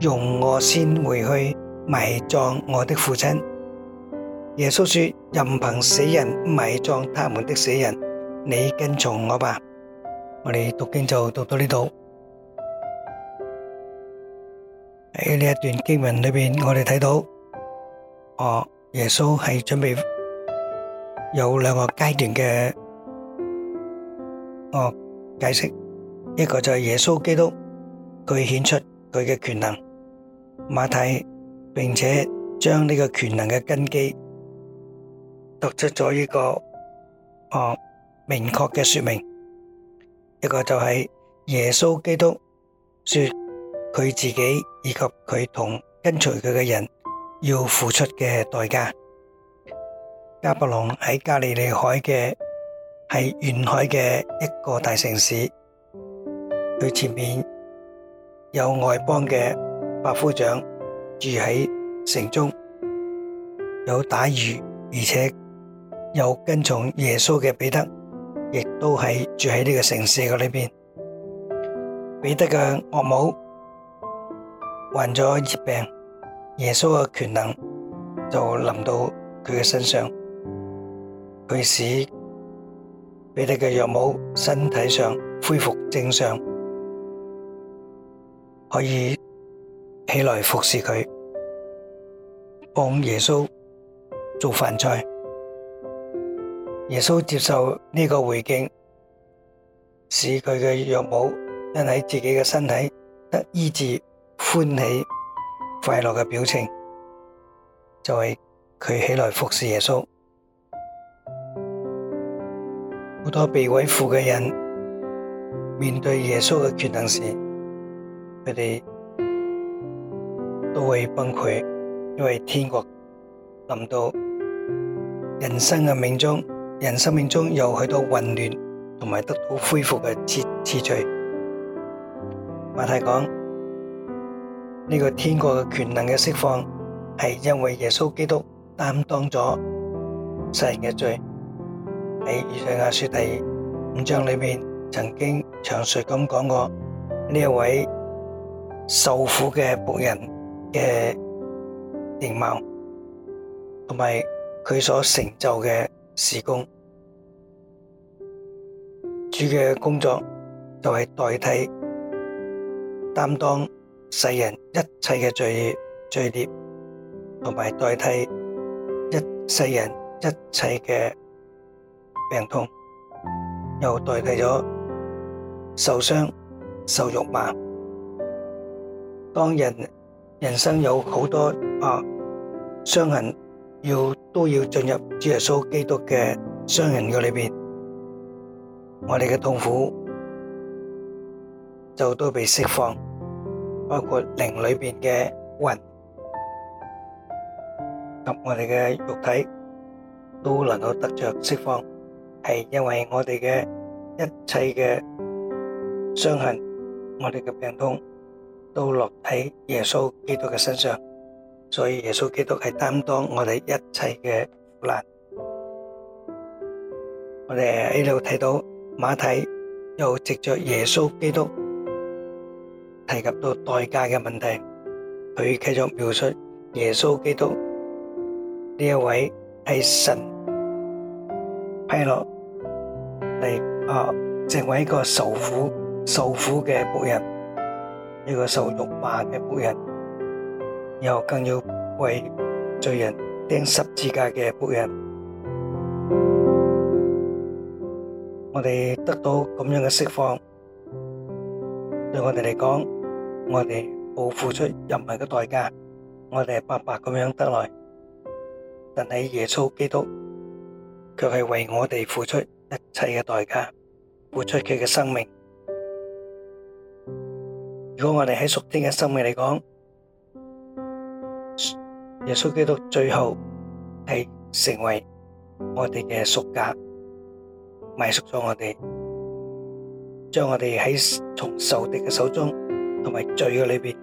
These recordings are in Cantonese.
容我先回去埋葬我的父親。耶穌說：任憑死人埋葬他們的死人，你跟從我吧。我哋讀經就讀到呢度。喺呢一段經文裏面，我哋睇到，哦，耶穌係準備有兩個階段嘅，哦，解釋，一個就係耶穌基督佢顯出佢嘅權能。馬太並且將呢個權能嘅根基讀出咗一個哦明確嘅說明，一個就係耶穌基督說佢自己以及佢同跟隨佢嘅人要付出嘅代價。迦百農喺加利利海嘅係沿海嘅一個大城市，佢前面有外邦嘅。百夫長住喺城中，有打魚而且有跟從耶穌嘅彼得，亦都係住喺呢個城市裏邊。彼得嘅岳母患咗熱病，耶穌嘅權能就臨到佢嘅身上，佢使彼得嘅岳母身體上恢復正常，可以。起來服侍佢，幫耶穌做飯菜。耶穌接受呢個回敬，使佢嘅岳母因喺自己嘅身體得醫治、歡喜、快樂嘅表情，就係、是、佢起來服侍耶穌。好多被委付嘅人面對耶穌嘅權能時，佢哋，都會崩潰，因為天國臨到人生嘅命中，人生命中有許多混亂同埋得到恢復嘅秩序。馬太講呢個天國嘅權能嘅釋放，係因為耶穌基督擔當咗世人嘅罪。喺《以賽亞書》第五章裏邊，曾經詳述咁講過呢一位受苦嘅僕人。嘅形貌，同埋佢所成就嘅事工，主嘅工作就係代替擔當世人一切嘅罪孽、罪孽，同埋代替一世人一切嘅病痛，又代替咗受傷受辱罵，當人。人生有好多啊，傷痕，要都要進入主耶穌基督嘅傷痕嘅裏面，我哋嘅痛苦就都被釋放，包括靈裏面嘅魂及我哋嘅肉體，都能夠得着釋放，係因為我哋嘅一切嘅傷痕，我哋嘅病痛，都落喺耶穌基督嘅身上，所以耶穌基督係擔當我哋一切嘅苦難。我哋喺呢度睇到馬太又藉着耶穌基督提及到代價嘅問題，佢繼續描述耶穌基督呢一位係神派落嚟啊，成為一個受苦受苦嘅僕人。一個受辱罵嘅僕人，又更要為罪人釘十字架嘅僕人，我哋得到咁樣嘅釋放，對我哋嚟講，我哋冇付出任何嘅代價，我哋係白白咁樣得來，但係耶穌基督卻係為我哋付出一切嘅代價，付出佢嘅生命。如果我哋喺屬天嘅生命嚟講，耶穌基督最後係成為我哋嘅贖價，買贖咗我哋，將我哋喺從仇敵嘅手中同埋罪惡裏邊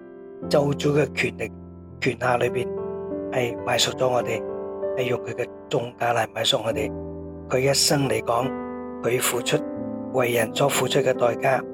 做主嘅權力、權下裏邊係買贖咗我哋，係用佢嘅重價嚟買贖我哋。佢一生嚟講，佢付出為人所付出嘅代價。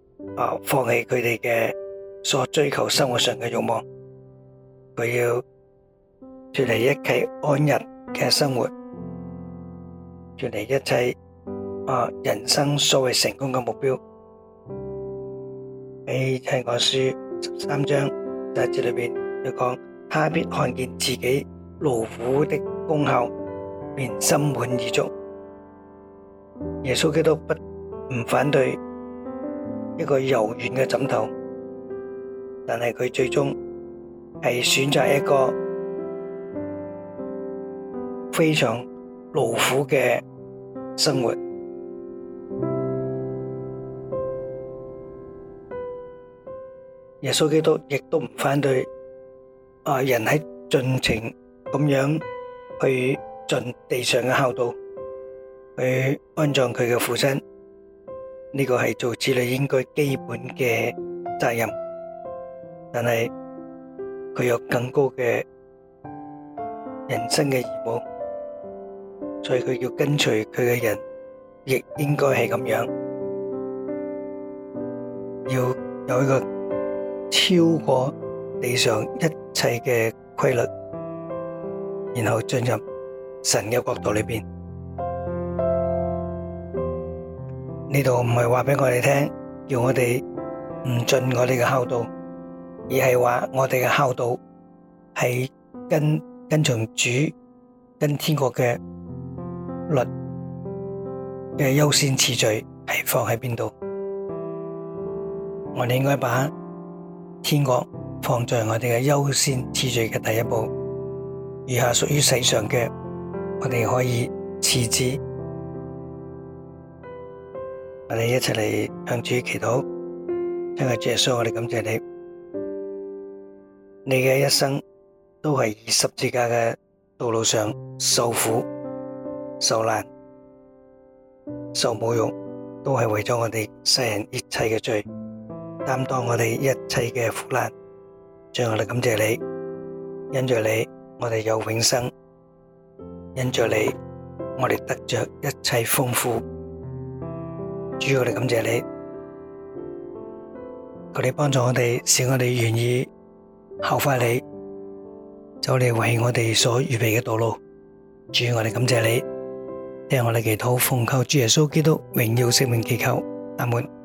啊！放棄佢哋嘅所追求生活上嘅慾望，佢要脫離一切安逸嘅生活，脫離一切啊人生所謂成功嘅目標。你聽我書十三章第一節裏邊佢講，他必看見自己勞苦的功效，便心滿意足。耶穌基督不唔反對。一個柔軟嘅枕頭，但係佢最終係選擇一個非常勞苦嘅生活。耶穌基督亦都唔反對啊！人喺盡情咁樣去盡地上嘅孝道，去安葬佢嘅父親。呢個係做子女應該基本嘅責任，但係佢有更高嘅人生嘅義務，所以佢要跟隨佢嘅人，亦應該係咁樣，要有一個超過地上一切嘅規律，然後進入神嘅國度裏邊。呢度唔係話俾我哋聽，叫我哋唔盡我哋嘅孝道，而係話我哋嘅孝道係跟跟從主、跟天國嘅律嘅優先次序係放喺邊度。我哋應該把天國放在我哋嘅優先次序嘅第一步，餘下屬於世上嘅，我哋可以次之。我哋一齊嚟向主祈禱，因為主耶穌，我哋感謝你，你嘅一生都係以十字架嘅道路上受苦、受難、受侮辱，都係為咗我哋世人一切嘅罪擔當，我哋一切嘅苦難。最後，我哋感謝你，因着你，我哋有永生；因着你，我哋得着一切豐富。主要我哋感謝你，佢哋幫助我哋，使我哋願意效法你，走你為我哋所預備嘅道路。主，我哋感謝你。聽我哋祈禱，奉靠主耶穌基督榮耀聖名祈求。阿門。